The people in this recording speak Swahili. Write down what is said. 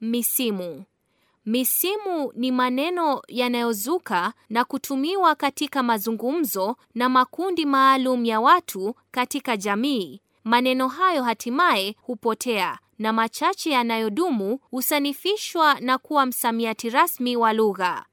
Misimu. Misimu ni maneno yanayozuka na kutumiwa katika mazungumzo na makundi maalum ya watu katika jamii. Maneno hayo hatimaye hupotea na machache yanayodumu husanifishwa na kuwa msamiati rasmi wa lugha.